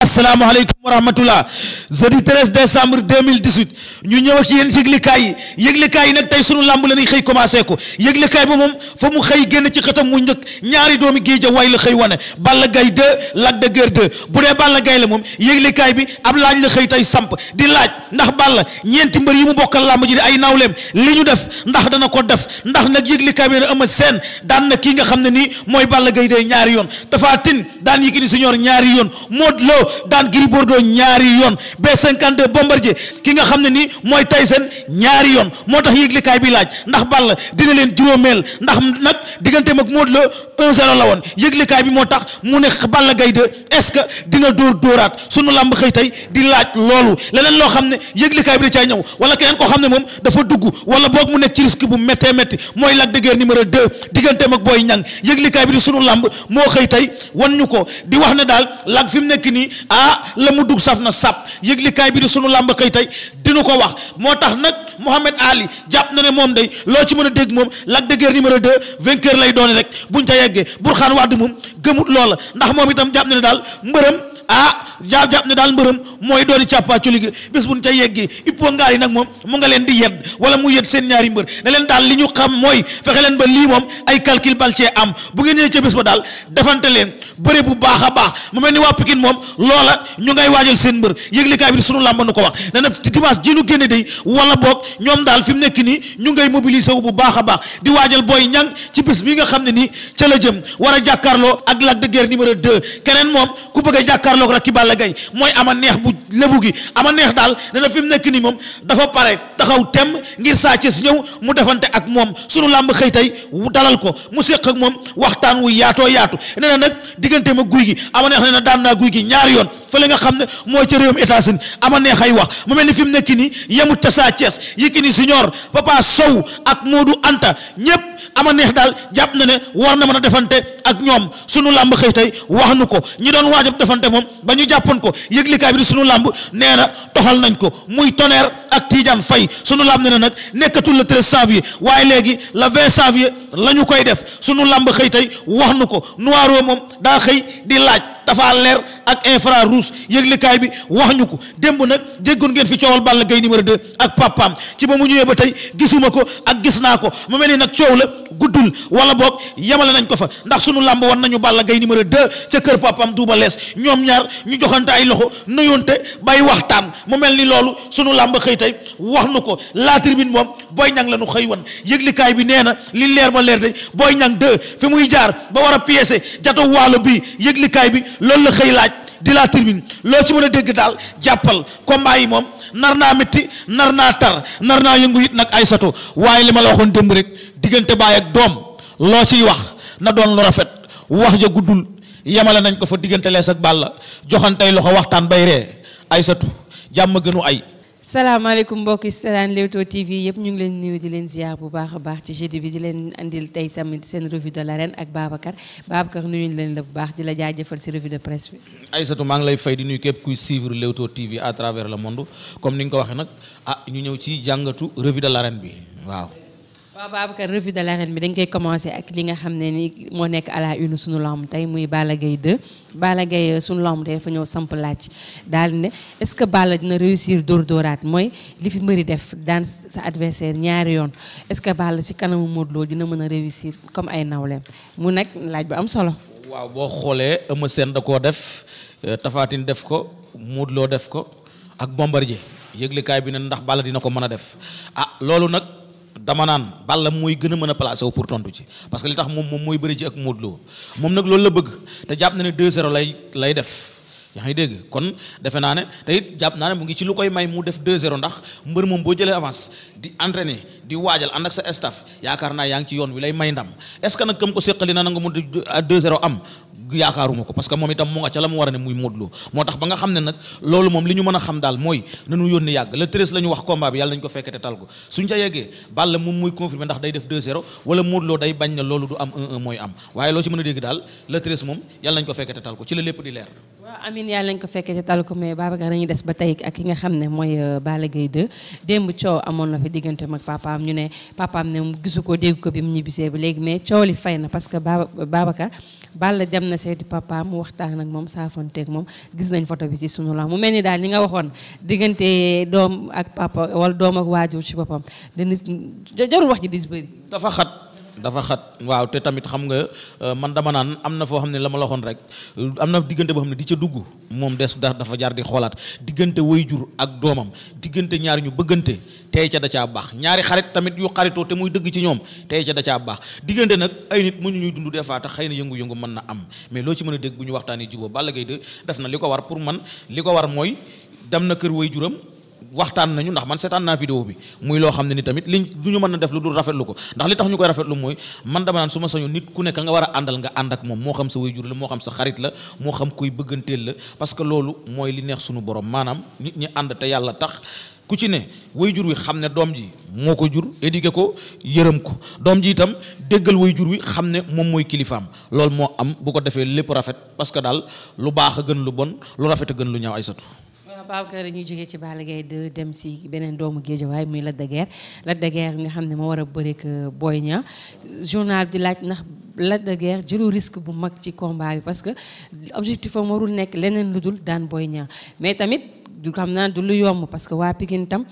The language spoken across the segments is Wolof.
asalaamaaleykum wa rahmatullah jeudi 13 décembre 2018 ñu ñëw ak yéen yëglikaay yi yëglikaay yi nag tey sunu làmb la ñuy xëy commencé ko yëglikaay ba moom fa mu xëy génn ci xëtam mu njëkk ñaari doomi géej ja way la xëy wane Balla Gaye 2 Lac de Guiers 2 bu dee ball Gaye la moom yëglikaay bi ab laaj la xëy tey samp di laaj ndax ball ñeenti mbër yi mu bokkal làmb ji di ay nawleem li ñu def ndax dana ko def ndax nag yëglikaay bi dana ëma seen daan na kii nga xam ne nii mooy Balla Gaye 2 ñaari yoon Tapha Tine daan Yékini Senior ñaari yoon Modou Lo daan Gris ñaari yoon B52 Bombardier ki nga xam ne nii mooy Tyson ñaari yoon moo tax yëglikaay bi laaj ndax Balla dina leen juróomeel ndax nag digganteem ak Modou Lo 1-0 la woon yëglikaay bi moo tax mu ne Balla Gaye 2 est-ce que dina dóor dóoraat sunu làmb xëy tey di laaj loolu leneen loo xam ne yëglikaay bi da caa ñëw wala keneen koo xam ne moom dafa dugg wala boog mu nekk ci risque bu méttee métti mooy Lac de Guiers numéro 2 digganteem ak Boy Niang yëglikaay bi di sunu làmb moo xëy tey wan ñu ko di wax ne daal Lac fi nekk nii ah la mu dugg saf na sap yëglikaay bi di sunu làmb xëy tey dinu ko wax moo tax nag Mohamed Ali jàpp na ne moom dey loo ci mën a dégg moom Lac de Guiers numéro 2 vainqueur lay doone rek bu buñ ca yeggee Burxaan Wàdd moom gëmut loola ndax moom itam jàpp na ne daal mbërëm ah jaab jaab ne daal mbërëm mooy doori càppaa culi gi bés buñ ca yeggee ippo ngaar yi nag moom mu nga leen di yedd wala mu yedd seen ñaari mbër ne leen daal li ñu xam mooy fexe leen ba lii moom ay calcul bal cee am bu ngeen ñëwee ca bés ba daal defante leen bëre bu baax a baax mu mel ni waa Pikine moom loola ñu ngay waajal seen mbër yëglikaay bi sunu làmba nu ko wax ne na dimanche ji nu génne day wala boog ñoom daal fi nekk nii ñu ngay mobiliser wu bu baax a baax di waajal booy ñang ci bis bi nga xam ne nii ca la jëm war a jàkkaarloo ak Lac de Guiers numéro 2 keneen moom ku bëgg a jàkkaarloog rek ki Balla Gaye mooy ama neex bu lebu gi ama neex daal ne na fi mu nekk nii moom dafa pare taxaw tem ngir Sa Thiès ñëw mu defante ak moom sunu làmb xëy tey dalal ko mu seq ak moom waxtaan wu yaatoo yaatu nee nag diggante ma guy gi ama neex nee na daan naa guy gi ñaari yoon fële nga xam ne mooy ca réewum états ama neex ay wax mu mel ni fi mu nekk nii yemut ca Sa Thiès Yékini Junior Papa Sow ak Modou Anta ñëpp ama neex daal jàpp na ne war na mën a defante ak ñoom sunu làmb xëy tey wax nu ko ñi doon waajab defante moom ba ñu jàppoon ko yëglikaay bi di sunu làmb nee na toxal nañ ko muy tonneer ak tiijan Faye sunu làmb nee na nag nekkatul le treize janvier waaye léegi la vingt janvier la ñu koy def sunu làmb xëy tey wax nu ko noiro moom daa xëy di laaj dafa leer ak infra rouge yëglikaay bi wax ñu ko démb nag déggoon ngeen fi coowal Balla Gaye numéro 2 ak papaam ci ba mu ñëwee ba tey gisuma ko ak gis naa ko mu mel ni nag coow la guddul wala boog yemale nañ ko fa sunu làmb wan nañu Balla Gaye numéro 2 ca kër papam Double Less ñoom ñaar ñu joxante ay loxo nuyoonte bàyyi waxtaan mu mel ni loolu suñu làmb xëy tey wax nu ko la tribune moom booy Niang la nu xëy wan yëglikaay bi nee na li leer ba leer de booy Niang 2 fi muy jaar ba war a piécé jato waalo bi yëglikaay bi loolu la xëy laaj di la tribune loo ci mën a dégg daal jàppal combat yi moom nar naa métti nar naa tar nar naa yëngu it nag ay sato waaye li ma la waxoon démb rek diggante baay na doon lu rafet wax ja guddul yemale nañ ko fa diggante lees ak bàlla joxantey loxo waxtaan bay ree ay satu jàmm gënu ay salaamaaleykum mbokki seetaan Leewtoo TV yëpp ñu ngi leen nuyu di leen ziar bu baax a baax ci jeudi bi di leen andil tey tamit seen revue de l'arène ak Babacar Babacar ñu leen la bu baax di la jëfal si revue de presse bi. Aïssatou maa ngi lay fay di nuyu képp kuy suivre Leewtoo TV à travers le monde comme ni nga ko waxee nag ah, ñu ñëw ci jàngatu revue de l'arène bi waaw. waaw Babacar revue de l'arène dañ koy commencer ak li nga xam ne ni moo nekk à la une sunu lamb tey muy Balla gay 2 Balla Gaye euh, sunu lamb tey dafa ñëw samp laaj daal ne est-ce que Balla dina réussir dóor dóoraat mooy li fi mbëri def daan sa adversaire ñaari yoon est-ce que Balla ci kanamu Modou Lo dina mën a réussir comme ay nawleem mu nag laaj bu am solo. waaw boo xoolee Eumeu Sène da koo def euh, Tapha def ko Modou Lo def ko ak Bombardier yëglekaay bi ne ndax Balla dina ko mën a def ah, dama naan Balla mooy gën a mën a placé wu pour tontu ci parce que li tax moom moom mooy bëri ji ak Modou Lo moom nag loolu la bëgg te jàpp na ne 2-0 lay def. yaa ngi dégg kon defe naa ne te it jàpp naa ne mu ngi ci lu koy may mu def 2-0 ndax mbër moom boo jëlee avance di entraîner di waajal ànd ak sa staff yaakaar naa yaa ngi ci yoon wi lay may ndam est-ce que nag kam ko séqali na nga mu 2-0 am yaakaaruma ko parce moom itam mu nga ca la mu war a ne muy Modou Lo moo tax ba nga xam ne nag loolu moom li ñu mën a xam daal mooy nañu yónni yàgg le treize la ñu wax combat bi yàlla nañu ko fekke te tal ko def wala Modou Lo day bañ loolu am 1 waaye loo ci mën a daal le treize moom yàlla tal ko ci la lépp di leer waaw Amine yàlla nañ ko fekkee te tal ko mais Babacar nañu des ba tey ak ki nga xam ne mooy euh, Balla Gaye 2 démb coow amoon na fi digganteem ak papaam ñu ne papaam ne gisu ko dégg ko bi mu ñibbisee ba léegi mais coow li fay na parce que Babacar Balla dem na seeti papaam waxtaan ak moom saafanteeg moom gis nañ foto bi ci suñu la mu mel ni daal ni nga waxoon diggante doom ak papa wal doom ak waajur ci boppam dana jarul wax ji dis bëri dafa xat dafa xat waaw te tamit xam nga euh, man dama naan am na foo xam ne la ma la waxoon rek am na diggante boo xam ne di ca dugg moom des dafa jaar di xoolaat diggante jur ak doomam diggante ñaari ñu bëggante tey ca da caa baax ñaari xarit tamit yu xaritoo te muy dëgg ci ñoom tey ca da caa baax diggante nag ay nit mu ñu ñuy dund dee fois tax xëy na yëngu-yëngu mën na am mais loo ci mën a dégg bu ñu waxtaanee jubóo Balla Gaye de def na li ko war pour man li ko war mooy dem na kër waajuram waxtaan nañu ndax man seetaan naa vidéo bi muy loo xam ne ni tamit liñ du ñu mën a def lu dul rafetlu ko ndax li tax ñu koy rafetlu mooy man dama naan su ma sañu nit ku nekk nga war a àndal nga ànd ak moom moo xam sa waajur la moo xam sa xarit la moo xam kuy bëgganteel la parce que loolu mooy li neex suñu borom maanaam nit ñi te yàlla tax ku ci ne waajur wi xam ne doom ji moo ko jur éduqué ko yërëm ko doom ji itam déggal jur wi xam ne moom mooy kilifaam loolu moo am bu ko defee lépp rafet parce que daal lu baax a gën lu bon lu rafet gën lu ñaaw ay satu Babacar ñuy jógee ci Balla Gaye 2 dem si beneen doomu Géejawaay muy Lac de Guiers Lac nga xam ne moo war a bëreek euh, Boy Niang journal di laaj ndax Lac de Guiers jëlu risque bu mag ci combat bi parce que objectif am warul nekk leneen lu dul daan Boy Niang mais tamit du xam naa du lu yomb parce que waa Pikine tam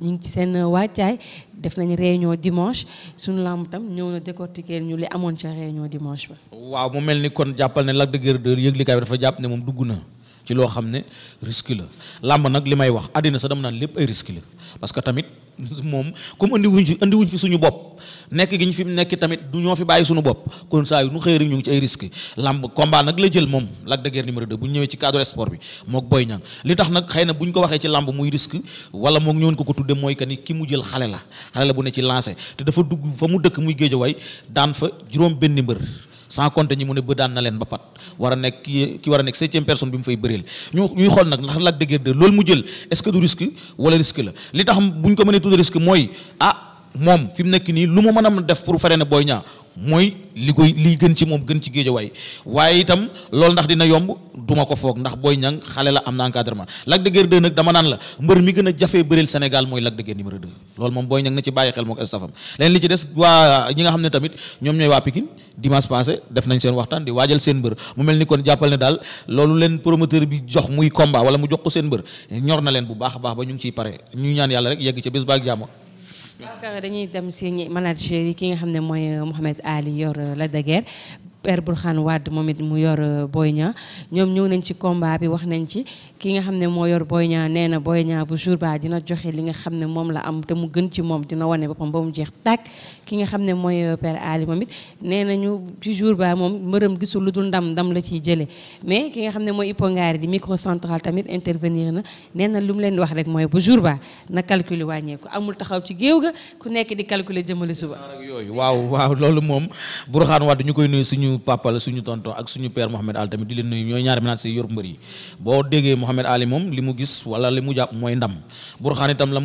ñu ngi ci seen euh, wàccaay def nañ réunion dimanche suñu lamb tam ñëw na décortiquer ñu li amoon ca réunion dimanche ba. waaw mu mel ni kon jàppal ne Lac de Guiers 2 yëglikaay bi dafa jàpp ne moom dugg na. ci loo xam ne risque la làmb nag li may wax àddina sa dama naan lépp ay risque la parce que tamit moom comme andi wuñ fi andi fi suñu bopp nekk gi ñu fi nekk tamit du ñoo fi bàyyi suñu bopp kon saa yu nu xëy rek ñu ngi ci ay risque làmb combat nag la jël moom lag de Guiers numéro 2 bu ñëwee ci cadre sport bi mook Boy Niang li tax nag xëy na bu ñu ko waxee ci làmb muy risque wala moom ñëwoon ko ko tuddee mooy que ni ki mu jël xale la xale la bu ne ci lancé te dafa dugg fa mu dëkk muy géejawaay daan fa juróom benn mbër sans compter ñi mu ne ba daan na leen ba pat war a nekk kii ki war a nekk septième personne bi mu fay bëreel ñu ñuy xool nag ndax Lac de Guiers 2 loolu mu jël est-ce que du risque wala risque la li tax buñ ko mënee tudd risque mooy ah moom fi mu nekk nii lu mu mën a def pour fere ne Boy Niang mooy li koy lii gën ci moom gën ci géejawaay waaye itam loolu ndax dina yomb duma ko foog ndax Boy Niang xale la am na encadrement Lac de Guiers 2 nag dama naan la mbër mi gën a jafee bëreel Sénégal mooy Lac de Guiers numéro lool moom booy Niang na ci bàyyi xel mook estafam leen li ci des waa ñi nga xam ne tamit ñoom ñooy waa Pikine dimanche passé def nañ seen waxtaan di waajal seen mbër mu mel ni kon jàppal ne daal loolu leen promoteur bi jox muy combat wala mu jox ko seen mbër ñor na leen bu baax a baax ñu ngi ciy pare ñu ñaan yàlla rek yegg ca bés baak dañuy dem si manager yi ki nga xam ne mooy euh, Mouhamed Ali yor euh, la de Père Bourkhane Wade moom it mu yor euh, Boy Niang ñoom ñëw nañ ci combat bi wax nañ ci ki nga xam ne moo yor Boy Niang nee na Boy Niang bu jour ba dina joxe li nga xam ne moom la am te mu gën ci moom dina wane boppam ba mu jeex tàkk ki nga xam ne mooy euh, Père Ali moom it nee nañu ci jour ba moom mbërëm gisul lu dul ndam ndam la ciy jëlee mais ki nga xam ne mooy Ipongaari di micro central tamit intervenir na nee na lu mu leen wax rek mooy bu jour ba na calcul wàññeeku amul taxaw ci géew ga ku nekk di calculer jëmale suba. waaw waaw loolu moom suñu suñu tonton ak suñu père Mohamed Ali tamit di leen nuyu ñooy ñaari menaces yi mbër yi boo déggee Mohamed Ali moom li mu gis wala li mu jàpp mooy ndam Burxaan itam ne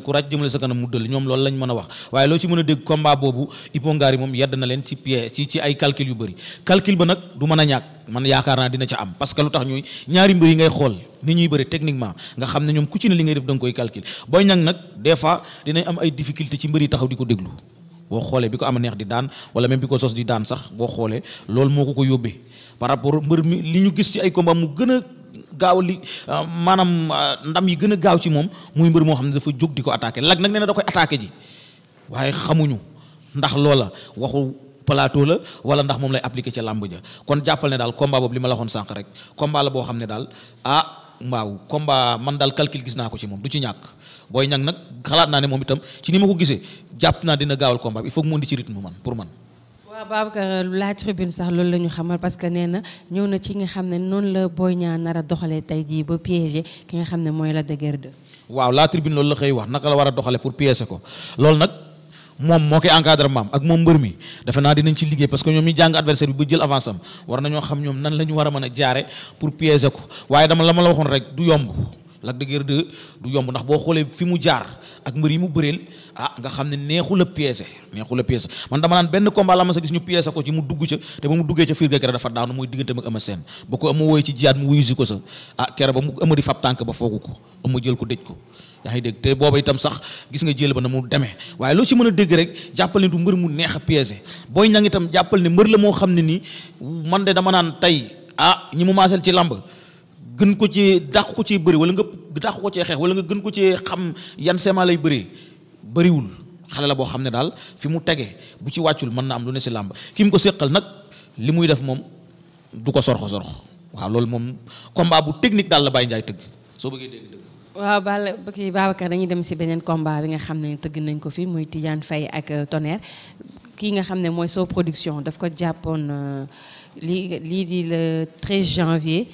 ku raj jëmale nga xam ne ñoom ku ci ne li ngay def da koy calcul booy ñag nag des fois am ay difficulté ci mbër taxaw di ko déglu boo xoolee bi ko am neex di daan wala même bi ko sos di daan sax boo xoolee lool moo ko ko yóbbee par rapport mbër mi li ñu gis ci ay combat mu gën a gaaw li euh, maanaam euh, ndam yi gën a gaaw ci moom muy mbër moo xam ne dafa jóg di ko attaqué lag nag nee na da koy attaqué ji waaye xamuñu ndax loola waxu plateau la wala ndax moom lay appliqué ca làmb ja kon jàppal ne daal combat boobu li ma la waxoon sànq rek combat la boo xam ne daal ah, waaw combat man daal calcul gis naa ko ci moom du ci ñàkk booy ñang nag xalaat naa ne moom itam ci ni ma ko gisee jàpp naa dina gaawal combat il faut que mu ci rythme man pour man. waaw Babacar la tribune sax loolu la ñu xamal parce que nee na ñëw na ci nga xam ne noonu la Boy Niang nar a doxalee tey jii ba piégé ki nga xam ne mooy Lac de Guiers waaw la tribune loolu la koy wax naka la war a doxalee pour piéger ko loolu nag. moom moo koy encadrement am ak moom mbër mi defe naa dinañ ci liggéey parce que ñoom ñi jàng adversaire bi ba jël avance am war nañoo xam ñoom nan la ñu war a mën a jaare pour piéger ko waaye dama la ma la waxoon rek du yomb Lac de Guiers 2 du yomb ndax boo xoolee fi mu jaar ak mbër yi mu bëreel ah nga xam ne neexu la pièce neexu la pièce man dama naan benn combat la ma sa gis ñu pièce ko ci mu dugg ca te ba mu duggee ca fiir ga kere dafa daanu mooy diggante ak Eumeu ko sa ah kere fab tànk ba foogu ko Eumeu jël ko ko yaa ngi te booba itam sax gis nga jël ba na mu demee waaye loo ci mën a dégg rek jàppal ne du mbër mu neex a piège booy ñang itam jàppal ne mbër la moo xam ne nii man de dama naan tey ah ñi mu maasel ci lamb gën ko ci dàq ko ci bëri wala nga dàq ko ci xeex wala nga gën ko ci xam yan sement lay bëree bëriwul xale la boo xam ne daal fi mu tege bu ci wàccul mën na am lu ne si làmb ki ko séqal nag li muy def moom du ko sorxo sorxo waaw loolu moom combat bu technique daal la Baye Ndiaye tëgg soo bëggee dégg dëgg waaw Balla kii Babacar dañuy dem si beneen combat bi nga xam ne tëgg nañ ko fi muy Tidiane Faye ak euh, Tonnerre kii nga xam ne mooy soo production daf ko jàppoon euh, lii lii di le 13 janvier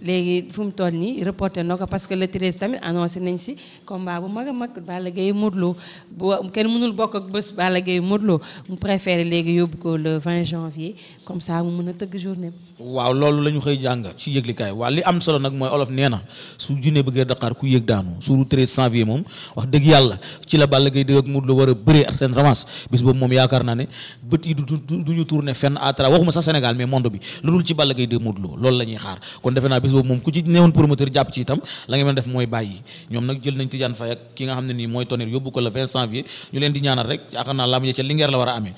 léegi fu mu toll nii reporté na ko parce que le 13 tamit annoncé nañ si combat bu mag a mag Balla Gaye Modou Lô bu kenn mënul bokk ak bés Balla Gaye Modou Lô mu préféré léegi yóbbu ko le 20 janvier comme ça mu la ñu xëy jàng ci yëglikaay waaw li am solo nag mooy olof nee na su junne bëggee ku yëg daanu suuru 13 janvier moom wax dëgg yàlla ci la Balla Gaye dëgg ak Modou Lô war a bëree ak seen revanche bis boobu moom yaakaar naa ne bët yi du du ñu tourné fenn à travers waxuma sax Sénégal mais monde bi lu dul ci Balla Gaye dëgg Modou Lô loolu la ñuy xaar kon defe naa bés boobu moom ku ci neewoon promoteur jàpp ci itam la nga def mooy bàyyi ñoom nag jël nañ Tidiane Faye ak nga xam ne nii mooy Tonnerre yóbbu ko le 20 janvier ñu leen di ñaanal rek yaakaar naa lamb ca Linguère la war a amee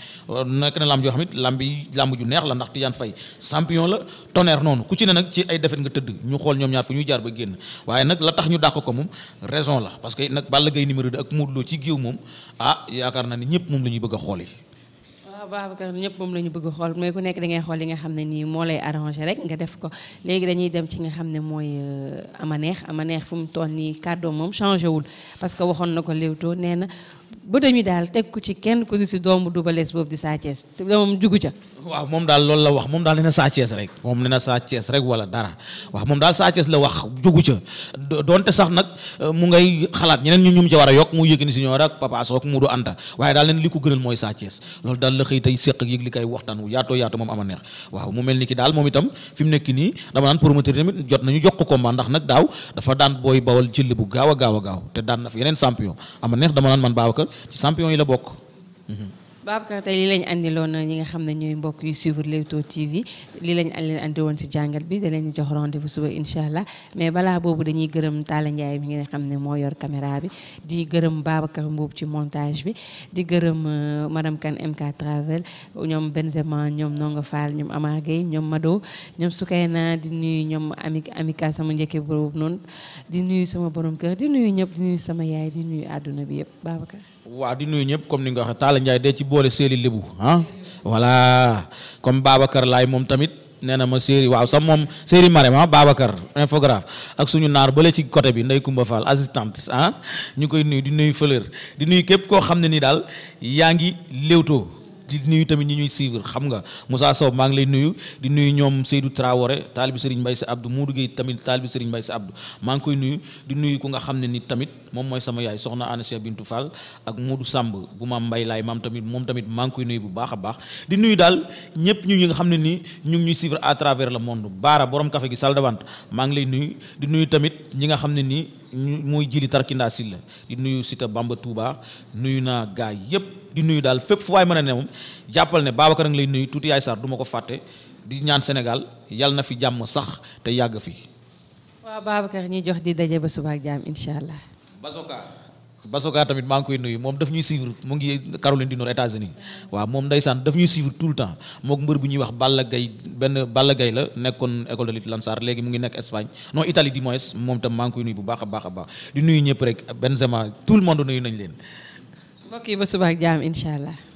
nekk na lamb joo xam neex la ndax Tidiane Faye champion la Tonnerre noonu ku ci ne nag ci ay defet nga tëdd ñu xool ñoom ñaar fu ñuy jaar ba génn waaye nag la tax ñu dàq ko moom raison la parce nag Balla Gaye numéro 2 ah ñëpp moom la ñuy bëgg xool yi Babacar ñëpp moom la ñu bëgg xool mooy ku nekk da ngay xool li nga xam ne nii moo lay arrangé rek nga def ko léegi dañuy dem ci nga xam ne mooy euh, Amaneex Amaneex fu mu toll nii kàddoo moom changé wul parce que waxoon na ko Leewtoo nee na bëtam yi daal teg ko ci kenn ku si doomu Double Less boobu di Sa te moom jugu ca. waaw moom daal loolu la wax moom daal nee na Sa sax nag euh, mu ngay xalaat ñeneen ñu ñu mu ca war a yokk mu yëg ni si ñoom rek Papa Sow ak Modou Anta waaye daal leen li wu yaatoo yaatoo moom ama neex waaw mu mel ni ki mu nekk nii dama naan promoteur tamit jot nañu jox ko combat ndax nag daaw dafa daan booy bawal jëlli bu gaaw gaaw gaaw te daan na fi ci champion yi la bokk. Mhm. Babacar tey lii lañ andiloon ne ñooy mbokk yu suivre Leewtoo TV lii lañ ci jàngat bi da leen jox rendez-vous suba incha allah mais balaa boobu dañuy gërëm Talla Ndiaye mi nga xam ne moo yor caméra bi di gërëm Babacar Mbuub ci montage bi di gërëm euh, madame Kane MK Travel ñoom Benzema ñoom Nonga Fall ñoom Amar Gueye ñoom Mado ñoom Soukayna di nuyu ñoom ami amika sama njëkke boobu noonu di nuyu sama borom kër di nuyu ñëpp di nuyu sama yaay di nuyu àdduna bi yëpp Babacar. waaw di nuyu ñëpp comme ni nga waxee boole séeri lébu ah voilà comme Babacar laay moom tamit nee na ma séeri waaw sax moom séeri Marème ah Babacar infographe ak suñu naar bale ci côté bi Ndey Kumba Fall assistante ah ñu koy nuyu di nuyu fleur di nuyu képp koo xam ne nii daal yaa ngi léewtoo di nuyu tamit ñi ñuy suivre xam nga Moussa Sow maa ngi lay nuyu di nuyu ñoom Seydou Traoré taalibi Serigne Mbaye si Abdou Moudou Gueye tamit taalibi Serigne Mbaye si Abdou maa ngi koy nuyu di nuyu ku nga xam ne ni tamit moom mooy sama yaay soxna Anna Cheikh Bintou Fall ak Moudou Samb bu maam Mbaye laay maam tamit moom tamit maa ngi koy nuyu bu baax a baax di nuyu daal ñëpp ñu ñi nga xam ne ni ñu ngi ñuy suivre à travers le monde baara borom café gi saldawant maa ngi lay nuyu di nuyu tamit ñi nga xam ne ni muy jili tarkindaa si la di nuyu sita Bamba Touba nuyu naa gaay yëpp ñëpp di nuyu daal fépp fu waay mën a ne moom jàppal ne Babacar a ngi lay nuyu tuuti yaay Sarr du ko fàtte di ñaan Sénégal yal na fi jàmm sax te yàgg fi. waaw Babacar ñi jox di daje ba suba ak jàmm incha allah. Basoka. Basoka tamit maa ngi koy nuyu moom daf ñuy suivre mu ngi Caroline du Nord États-Unis waaw moom ndeysaan daf ñuy suivre tout le temps mook mbër bu ñuy wax Balla Gaye benn Balla Gaye la nekkoon école de lutte Lansar léegi mu ngi nekk Espagne non Italie du moins moom tam maa ngi bu baax baax a baax di nuyu ñëpp rek Benzema tout le monde nuyu nañ leen mbokk yi ba suba ak jaam incha allah.